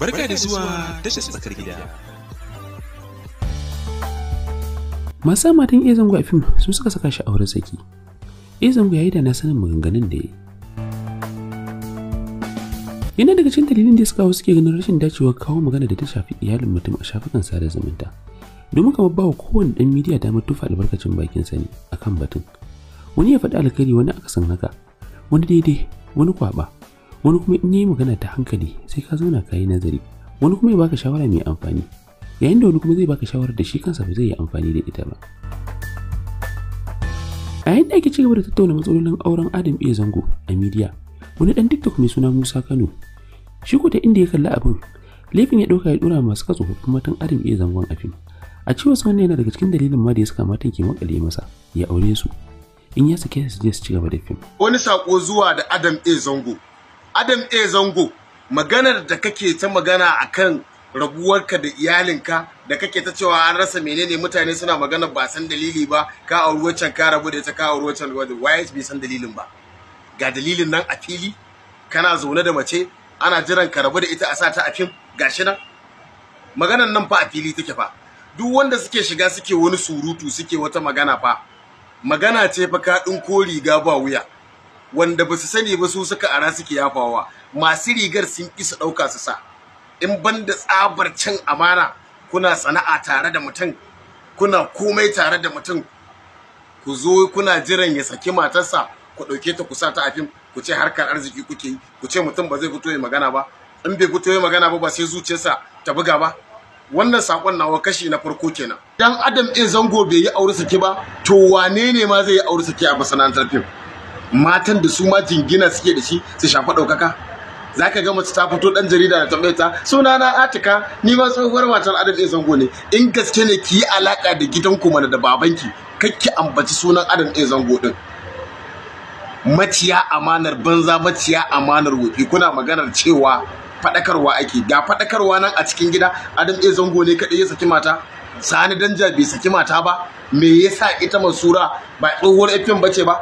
Barka da zuwa tashar tsakar gida. Masu matan ezangu a fim su suka saka shi a wurin saki. ezangu ya yi da na sanin maganganun da ya Yana daga cin dalilin da suka suke ganin rashin dacewa kawo magana da ta shafi iyalin mutum a shafukan sada zumunta. Domin kamar ba kowane ɗan midiya damar tufa albarkacin bakin sani kan batun. Wani ya faɗi alkali wani akasin haka, wani daidai, wani kwaba. wani kuma in yi magana ta hankali sai ka zauna ka yi nazari wani kuma ya baka shawara mai amfani yayin da wani kuma zai baka shawara da shi kansa ba zai yi amfani da ita ba a yayin da ake cigaba da tattauna matsalolin auren adam iya zango a midiya wani dan tiktok mai suna musa kano shi ko ta inda ya kalla abin laifin ya dauka ya dora masu katso tsofaffin matan adam iya zangon fim a cewar sa wannan yana daga cikin dalilin ma da ya saka matan ke makale masa ya aure su in ya sake su je su ci gaba da fim wani sako zuwa da adam iya zango Adam A Zango maganar da kake ta magana akan rabuwarka da iyalinka da kake ta cewa an rasa menene mutane suna magana ba san dalili ba ka auruwar can ka rabu da ita ka auri waccan wadda waye bai san dalilin ba ga dalilin nan a fili kana zaune da mace ana jiran ka rabu da ita a sa ta a fim gashi nan maganan nan fa a fili take fa duk wanda suke shiga suke wani surutu suke wata magana fa magana ce fa ka ɗin ko riga ba wuya wanda ba su sani ba su suka ara suke yafawa masu rigar sun isa ɗauka su sa in ban da tsabar cin amana kuna sana'a tare da mutum kuna komai tare da mutum ku zo kuna jiran ya saki matarsa ku ɗauke ta ku sa ta a fim ku ce harkar arziki kuke yi ku ce mutum ba zai fito ya magana ba in bai fito ya magana ba ba sai zuciyarsa ta buga ba wannan sakon nawa kashi na farko kenan dan adam in zango bai yi aure saki ba to wane ne ma zai yi aure saki a masana'antar fim matan da su ma jingina suke da shi su shafa ɗaukaka za ka ga mace ta fito ɗan jarida da tambayar ta suna na atika ni ma tsohuwar matar adam ɗaya zango ne in gaske ne ki yi alaƙa da gidanku mana da babanki ki ambaci sunan adam ɗaya zango ɗin maciya amanar banza maciya amanar wofi kuna maganar cewa faɗakarwa ake ga faɗakarwa nan a cikin gida adam ɗaya zango ne kaɗai ya saki mata sani danja bai saki mata ba me yasa ita masura ba tsohuwar fm bace ba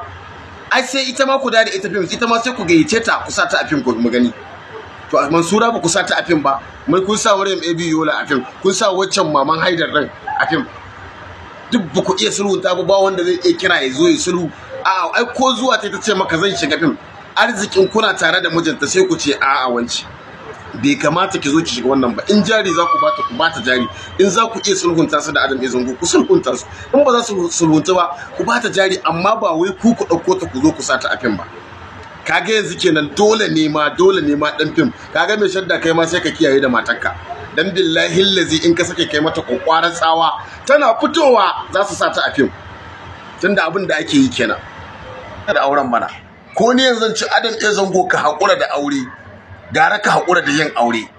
ai sai ita ma ku da ita fim ita ma sai ku gayyace ta ku ta a fim ku mu gani to mansura ba ku sata a fim ba mai kun sa maryam ab yola a fim kun sa waccan maman haidar din a fim duk ba ku iya ta ba ba wanda zai iya kira ya zo ya sulhu a ai ko zuwa ta ce maka zan shiga fim arzikin kuna tare da mijinta sai ku ce a'a wanci bai kamata ki zo ki shiga wannan ba in jari za ku bata ku bata jari in za ku iya sulhunta su da adam ya zango ku sulhunta su in ba za su sulhunta ba ku bata jari amma ba wai ku ku ɗauko ta ku zo ku sa a fim ba kaga yanzu kenan dole ne ma dole ne ma dan fim kaga mai shadda kai ma sai ka kiyaye da matarka dan billahi lazi in ka sake kai mata kwakwaran tsawa tana fitowa za su sa a fim tunda abin da ake yi kenan da auren mana ko ne yanzu ci adam ya zango ka haƙura da aure gara ka haƙura da yin aure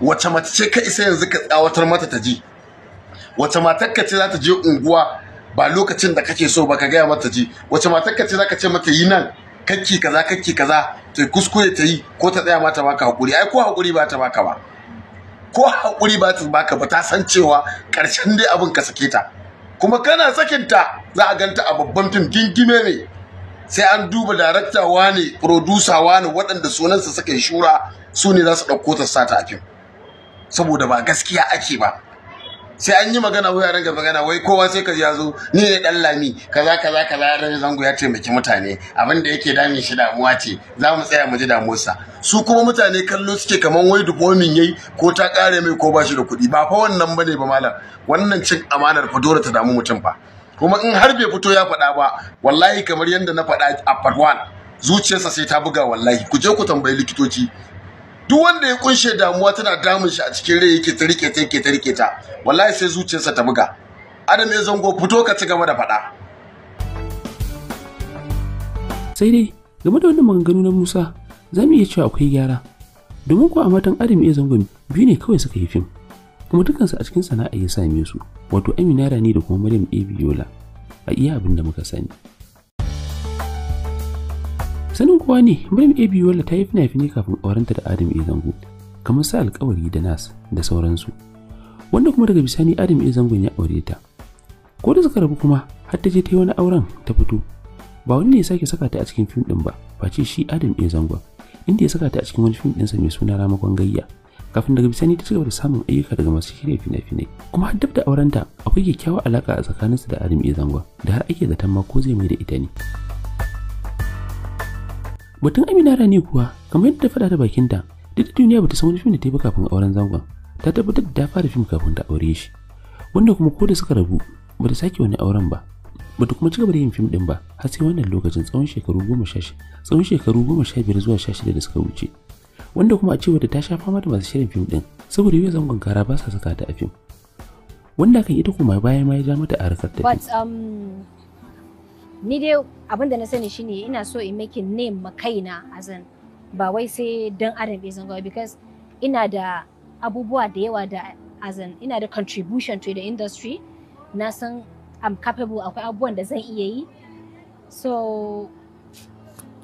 wace mace ce ka isa yanzu ka tsawatar mata ta ji wace matar ka ce za ta je unguwa ba lokacin da kake so ba ka gaya mata ji wace matar ka ce za ka ce mata yi nan kakki kaza kakki kaza ta kuskure ta yi ko ta tsaya mata baka haƙuri ai ko haƙuri ba ta baka ba ko haƙuri ba ta baka ba ta san cewa ƙarshen dai abin ka sake ta kuma kana sakinta za a ganta a babban fim gingime ne sai an duba darakta wane producer wane waɗanda sunansa suka yi shura su ne za su ɗauko ta sata a fim saboda ba gaskiya ake ba sai an yi magana wai ranga magana wai kowa sai ka ya zo ni ne dan lami kaza kaza kaza ran zango ya taimaki mutane abin da yake damin shi damuwa ce za mu tsaya mu ji damuwarsa su kuma mutane kallo suke kaman wai dubomin yayi ko ta kare mai ko ba shi da kuɗi ba fa wannan bane ba malam wannan cin amanar fa dole ta damu mutum ba kuma in har bai fito ya faɗa ba wallahi kamar yadda na faɗa a part zuciyarsa sai ta buga wallahi ku je ku tambayi likitoci duk wanda ya kunshe damuwa tana damun shi a cikin rai yake ta rike ta yake ta rike ta wallahi sai zuciyarsa ta buga adam ya zango fito ka ci gaba da faɗa sai dai game da wannan maganganu na Musa za mu iya cewa akwai gyara domin ko a matan adam ya zango biyu ne kawai suka yi fim kuma dukansu a cikin sana'a ya same su wato Amina Rani da kuma Maryam Abiola a iya abin da muka sani. Sanin kowa ne Maryam Abiola ta yi fina-finai kafin aurenta da Adam A. Zango kamar sa alkawari da Nas da sauransu wanda kuma daga bisani Adam A. Zangon ya aure ta. Ko da suka rabu kuma har ta je ta yi wani auren ta fito ba wani ne ya sake saka ta a cikin fim din ba face shi Adam A. Zangon inda ya saka ta a cikin wani fim ɗinsa mai suna ramakon gayya kafin daga bisani ta cigaba da samun ayyuka daga masu shirya fina-finai kuma har dab da aurenta akwai kyakkyawar alaka a tsakaninsu da Adam Izangwa da har ake zaton ma ko zai mai da ita ne batun Amina Rani kuwa kamar yadda ta faɗa da bakinta duk duniya bata san wani fim da ta yi ba kafin auren zangon ta tabbatar da ta fara fim kafin ta aure shi wanda kuma ko da suka rabu bata sake wani auren ba bata kuma cigaba da yin fim din ba har sai wannan lokacin tsawon shekaru goma sha tsawon shekaru goma sha biyar zuwa sha shida da suka wuce wanda kuma a cewar da ta sha fama da masu shirin fim din saboda yau zangon kara ba sa saka ta a fim wanda kan ita kuma bayan ma ya ja mata a harkar ta um, ni dai abin da na sani shine ina so in make name ma kaina azan ba wai sai dan adam bai zango because ina da abubuwa da yawa da azan ina da contribution to the industry na san I'm capable akwai abubuwan da zan iya yi so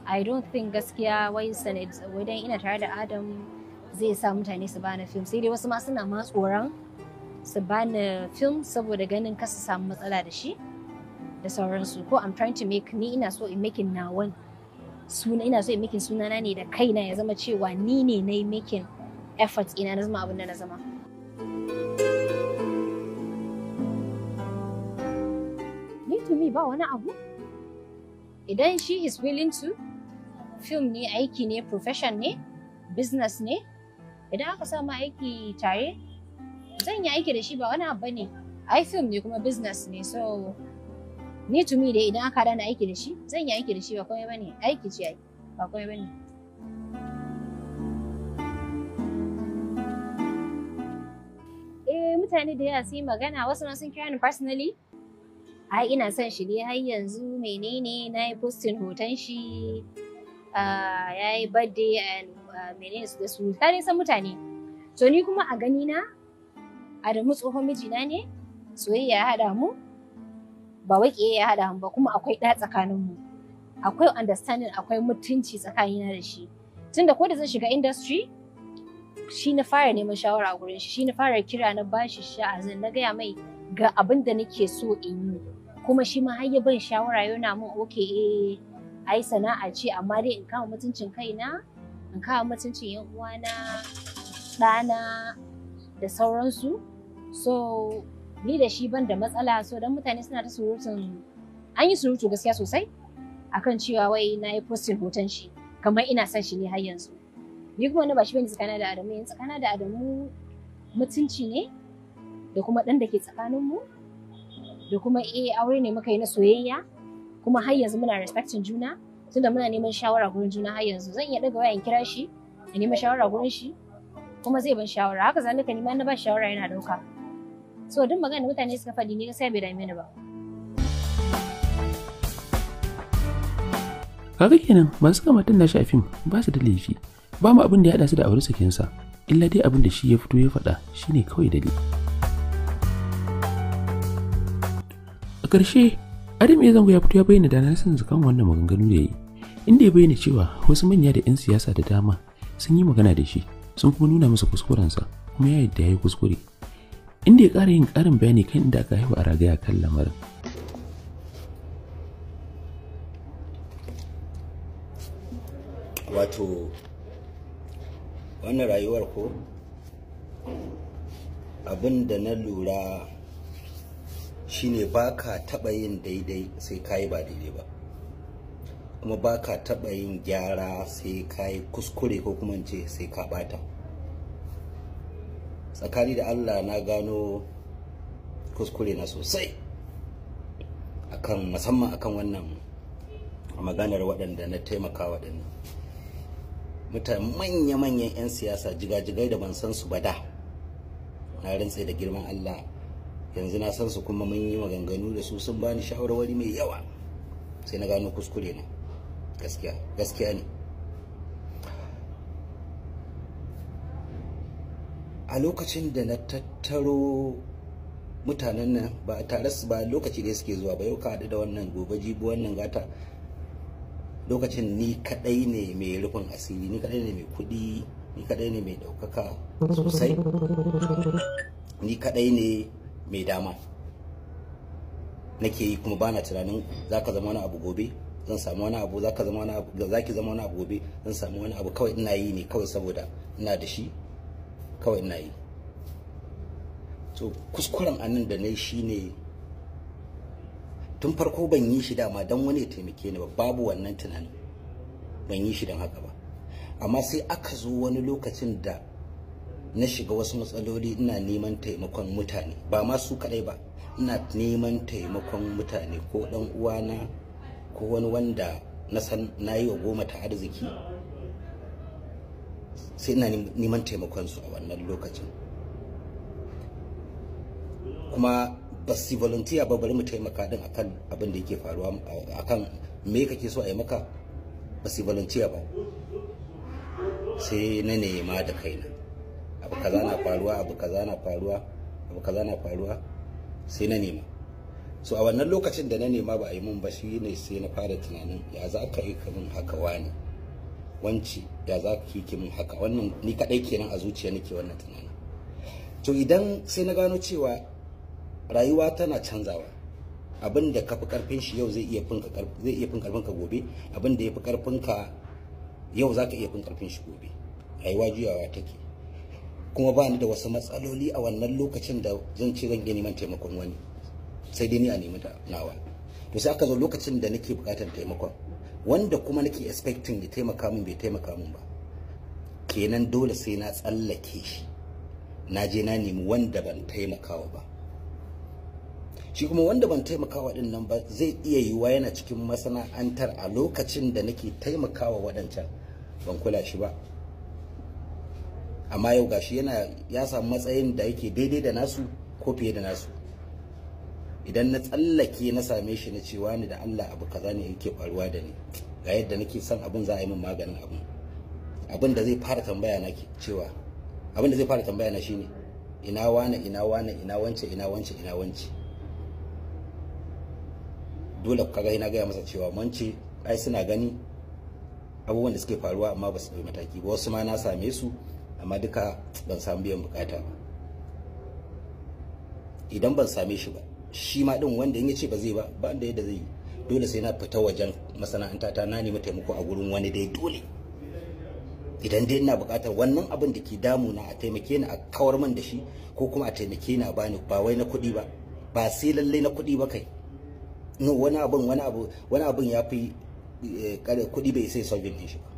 i don't think gaskiya wai sanad wadan ina tare da adam zai sa mutane su bani film sai dai wasu ma suna ma tsoron su bani film saboda ganin kasa samu matsala da shi da sauransu ko i'm trying to make ni ina so in making na one suna ina so in making sunana ne da kaina ya zama cewa ni ne na yi making efforts ina na zama abin da na zama ni to me ba wani abu idan she is willing to film ne aiki ne profession ne business ne idan aka samu aiki tare zan yi aiki da shi ba wani abu ne ai film ne kuma business ne so ni to me dai idan aka dana aiki da shi zan yi aiki da shi ba komai bane aiki ce ai ba komai bane eh mutane da yawa sun yi magana wasu sun kira ni personally ai ina son shi ne har yanzu menene na yi postin hoton shi Ah, ya yi birthday and ah, mene su da su ta san mutane to ni kuma a gani na Adamu tsohon mijina ne soyayya ya haɗa mu ba wake ya haɗa mu ba kuma akwai ɗa tsakanin mu akwai understanding akwai mutunci tsakanina da shi tunda ko da zan shiga industry shi na fara neman shawara a gurin shi shi na fara kira na bashi sha'azin na gaya mai ga abin da nake so in yi kuma shi ma har ban shawara yana mun okay eh ai sana'a ce amma dai in kama mutuncin kaina in kama mutuncin yan uwana ɗana da sauransu so ni da shi ban da matsala so dan mutane suna ta surutun an yi surutu gaskiya sosai akan cewa wai na yi postin hoton shi kamar ina son shi ne har yanzu ni kuma na ba shi bane tsakana da adamu yanzu tsakana da adamu mutunci ne da kuma ɗan da ke tsakaninmu da kuma eh aure ne muka yi na soyayya kuma har yanzu muna respecting juna tunda muna neman shawara gurin juna har yanzu zan iya daga wayan kira shi da neman shawara gurin shi kuma zai ban shawara haka zan nika neman na ba shawara yana dauka so duk magana mutane suka faɗi ne sai bai dame ni ba kaga kenan masu kamatan na shafin ba su da laifi ba mu abin da ya haɗa su da aure sakinsa illa dai abin da shi ya fito ya faɗa shine kawai dalili a ƙarshe Adam ya zango ya fito ya bayyana san kan wannan maganganu da yi, inda ya bayyana cewa wasu manya da 'yan siyasa da dama sun yi magana da shi, sun kuma nuna masa kuskurensa kuma ya yadda ya yi kuskure. Inda ya ƙara yin ƙarin bayani kan inda aka haifa a ragaya kan lamarin. Wato, wannan rayuwar ko abin da na lura shine baka taba yin daidai sai ka ba daidai ba kuma baka ka taɓa yin gyara sai ka yi kuskure ko kuma ince sai ka ɓata tsakani da allah na gano kuskure na sosai akan musamman akan wannan maganar waɗanda na taimaka waɗannan mutane manya-manyan 'yan siyasa jigajigai da ban san su ba da na rantse da girman allah yanzu na san su kuma mun yi maganganu da su sun bani shawarwari mai yawa sai na gano kuskure ne gaskiya gaskiya ne a lokacin da na tattaro mutanen nan ba tare su ba lokaci da suke zuwa ba yau ka haɗu da wannan gobe jibi wannan gata lokacin ni kadai ne mai rufin asiri ni kadai ne mai kuɗi ni kadai ne mai ɗaukaka sosai ni kadai ne mai dama nake yi kuma bana tunanin zaka zama wani abu gobe zan samu wani abu zaka zama wani abu zama wani abu gobe zan samu wani abu kawai ina yi ne kawai saboda ina da shi kawai ina yi to kuskuren anan da nayi shine tun farko ban yi shi dama dan wani ya taimake ni ba babu wannan tunanin ban yi shi dan haka ba amma sai aka zo wani lokacin da na shiga wasu matsaloli ina neman taimakon mutane ba ma su kadai ba ina neman taimakon mutane ko dan uwana ko wani wanda na san na yi wa goma ta arziki sai ina neman taimakon su a wannan lokacin kuma ba su volunteer ba bari mu taimaka din akan abin da yake faruwa akan me kake so a yi maka ba su volunteer ba sai na nema da kaina abu kaza na faruwa abu kaza na faruwa abu kaza na faruwa sai na nema so a wannan lokacin da na nema ba a yi mun ba shi ne sai na fara tunanin ya za ka yi kamun haka wani wanci ya za ka yi min haka wannan ni kadai kenan a zuciya nake wannan tunanin to idan sai na gano cewa rayuwa tana canzawa abin da ka fi karfin shi yau zai iya fin zai iya fin karfin ka gobe abin da ya fi karfin ka yau za ka iya fin karfin shi gobe rayuwa juyawa take kuma ba ni da wasu matsaloli a wannan lokacin da zan ci zan gini man taimakon wani sai dai ni a nemi da nawa to sai aka zo lokacin da nake bukatar taimakon wanda kuma nake expecting ya taimaka min bai taimaka min ba kenan dole sai na tsallake shi na je na nemi wanda ban taimakawa ba shi kuma wanda ban taimakawa din nan ba zai iya yiwuwa yana cikin masana'antar a lokacin da nake taimakawa waɗancan ban kula shi ba amma yau gashi yana ya samu matsayin da yake daidai da nasu ko fiye da nasu idan na tsallake na same shi na cewa ni da Allah abu kaza ne yake faruwa da ni ga yadda nake son abin za a yi min maganin abin abin da zai fara tambaya na cewa abin da zai fara tambaya na shine ina wane ina wane ina wance ina wance ina wance dole kaga ina gaya masa cewa mance ai suna gani abubuwan da suke faruwa amma ba su ɗauki mataki ba wasu ma na same su amma duka ban samu biyan bukata ba idan ban same shi ba shi ma din wanda in yace ba zai ba ba da yadda zai yi dole sai na fita wajen masana'anta ta na nemi taimako a gurin wani dai dole idan dai ina bukatar wannan abin da ke damu na a taimake ni a kawar man da shi ko kuma a taimake ni a bani ba wai na kuɗi ba ba sai lallai na kuɗi ba kai no wani abin wani abu wani abin ya fi eh, kuɗi bai sai solving din shi ba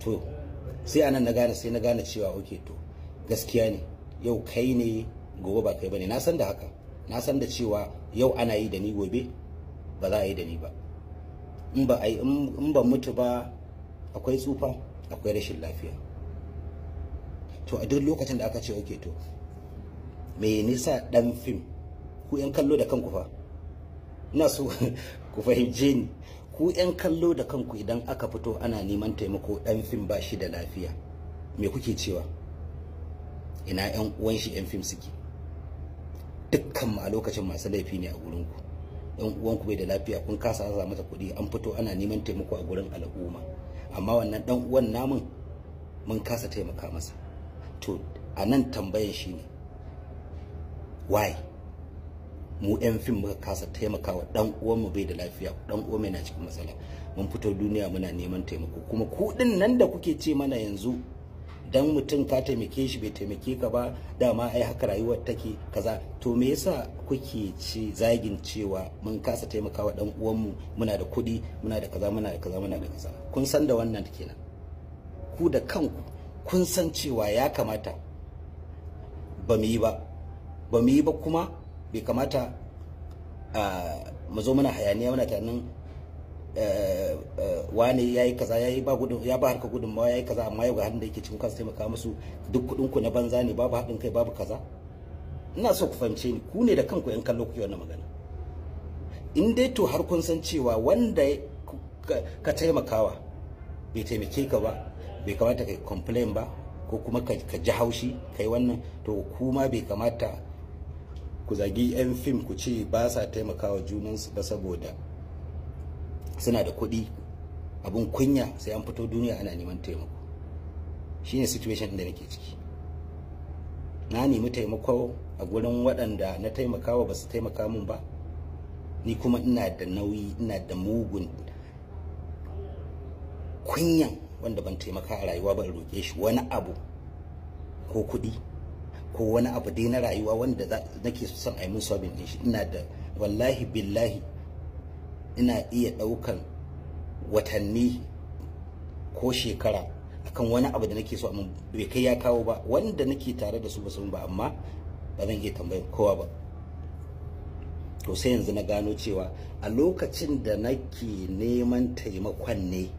to sai anan na gane sai na gane cewa oke to gaskiya ne yau kai ne gobe ba kai bane na san da haka na san da cewa yau ana yi da ni gobe ba za a yi da ni ba in ba in ba mutu ba akwai tsufa akwai rashin lafiya to a duk lokacin da aka ce oke to me nisa dan fim ku yan kallo da kanku fa ina so ku fahimce ni ku 'yan kallo da kanku idan aka fito ana neman taimako ɗan fim ba shi da lafiya me kuke cewa ina 'yan uwan shi 'yan fim suke dukkan a lokacin masu laifi ne a gurinku yan ku bai da lafiya kun kasa za mata kuɗi an fito ana neman taimako a gurin al'umma amma wannan ɗan uwan namun mun kasa taimaka masa to anan nan tambayan shi ne why mu ɗan fim muka kasa taimakawa ɗan uwan mu bai da lafiya dan uwan mai na cikin matsala mun fito duniya muna neman taimako kuma kuɗin nan da kuke ce mana yanzu dan mutum ka taimake shi bai taimake ka ba dama ai haka rayuwar take kaza to me yasa kuke ce zagin cewa mun kasa taimakawa ɗan uwan mu muna da kuɗi muna da kaza muna da kaza muna da kaza kun san da wannan kenan ku da kanku kun san cewa ya kamata ba mu yi ba ba mu yi ba kuma bai kamata a mu zo muna hayaniya muna tunanin eh, eh, wane ya yi kaza ya yi ba gudun ya ba harka gudunmawa ya yi kaza amma yau ga hannun da yake cikin kansa taimaka musu duk kuɗin ku na banza ne babu haɗin kai babu kaza ina so ku fahimce ni ku ne da kanku yan kallo kuke wannan magana in dai to har kun san cewa wanda ka taimakawa bai taimake ka ba bai kamata ka complain ba ko kuma ka ji haushi kai wannan to kuma bai kamata ku zagi 'yan fim ku ce ba sa taimakawa junansu ba saboda suna da kuɗi abun kunya sai an fito duniya ana neman taimako shine situation da nake ciki na nemi taimako a gurin waɗanda na taimakawa ba su taimaka min ba ni kuma ina da nauyi ina da mugun kunyan wanda ban taimaka a rayuwa ba in roƙe shi wani abu ko kuɗi ko wani abu dai na rayuwa wanda nake son a yi min sabin din shi ina da wallahi billahi ina iya ɗaukan watanni ko shekara akan wani abu da nake so amma bai kai ya kawo ba wanda nake tare da su ba sun ba amma ba zan iya tambayar kowa ba to sai yanzu na gano cewa a lokacin da nake neman taimakon ne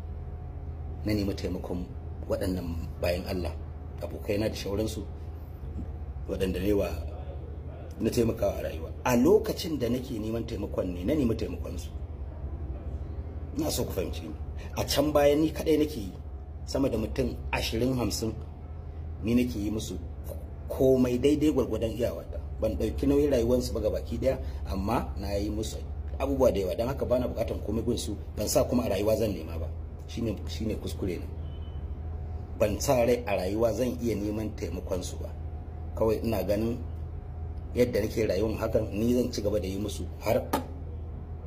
na nemi taimakon waɗannan bayan Allah abokaina da shauransu waɗanda ne wa na taimakawa a rayuwa a lokacin da nake neman taimakon ne na nemi taimakon su ina so ku fahimci ni a can baya ni kadai nake yi sama da mutum ashirin hamsin ni nake yi musu komai daidai gwargwadon iyawata ban ɗauki nauyin rayuwarsu ba baki daya amma na yi musu abubuwa da yawa don haka bana bukatan komai gun su ban sa kuma a rayuwa zan nema ba shine kuskure na ban sa rai a rayuwa zan iya neman taimakon su ba kawai ina ganin yadda nake rayuwar hakan ni zan ci gaba da yi musu har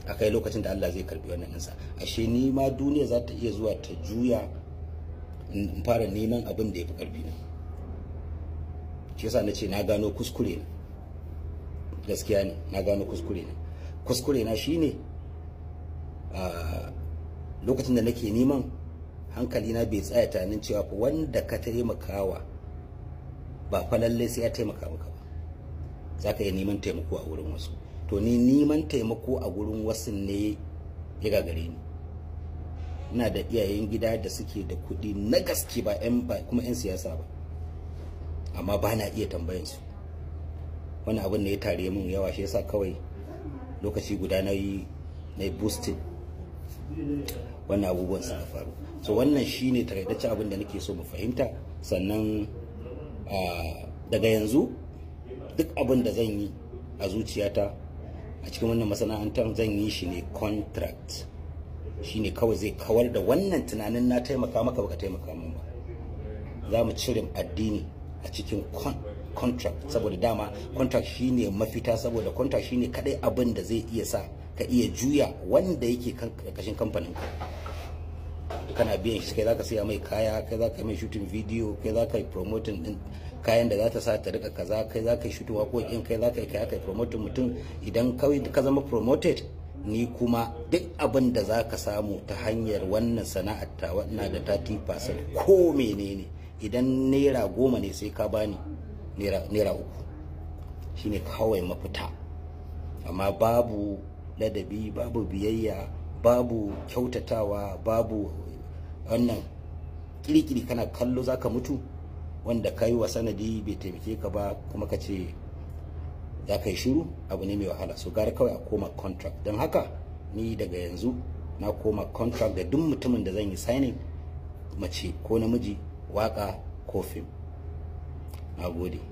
a kai lokacin da Allah zai karbi wannan insa ashe ni ma duniya za ta iya zuwa ta juya in fara neman abin da ya fi karfi na shi yasa na ce na gano kuskure na gaskiya ne na gano kuskure na kuskure na shine a lokacin da nake neman hankali na bai tsaya tunanin cewa wanda ka taimakawa ba fa lalle sai ya taimaka maka ba za ka iya neman taimako a wurin wasu to ni neman taimako a wurin wasu ne ya gare ni ina da iyayen gida da suke da kuɗi na gaske ba yan ba kuma yan siyasa ba amma ba na iya tambayan su wani abin da ya tare min yawa shi yasa kawai lokaci guda na yi na yi boosting wannan abubuwan suka faru so wannan shine takaitaccen abin da nake so mu fahimta sannan daga yanzu duk abin da zan yi a zuciyata a cikin wannan masana'antar zan yi shi ne contract shi ne kawai zai kawar da wannan tunanin na taimaka maka baka taimaka min ba za mu cire addini a cikin contract saboda dama contract shi ne mafita saboda contract shi ne kadai abin da zai iya sa ka iya juya wanda yake kashin kamfanin ka kana biyan shi kai zaka siya mai kaya kai zaka mai shooting video kai zaka yi promoting din kayan da za ta sa ta rika kaza kai zaka yi shooting waƙoƙin kai zaka yi kai promoting mutum idan kawai ka zama promoted ni kuma duk abin da za ka samu ta hanyar wannan sana'ar ta wannan da ta tifasa ko menene idan naira goma ne sai ka bani naira uku shine kawai mafita amma babu ladabi babu biyayya babu kyautatawa babu wannan kirikiri kana kallo zaka mutu wanda kai wa sanadi bai taimake ka ba kuma ka ce za ka yi shiru abu ne mai wahala so gara kawai a koma contract don haka ni daga yanzu na koma contract ga duk mutumin da zan yi signing mace ko namiji waka ko fim na gode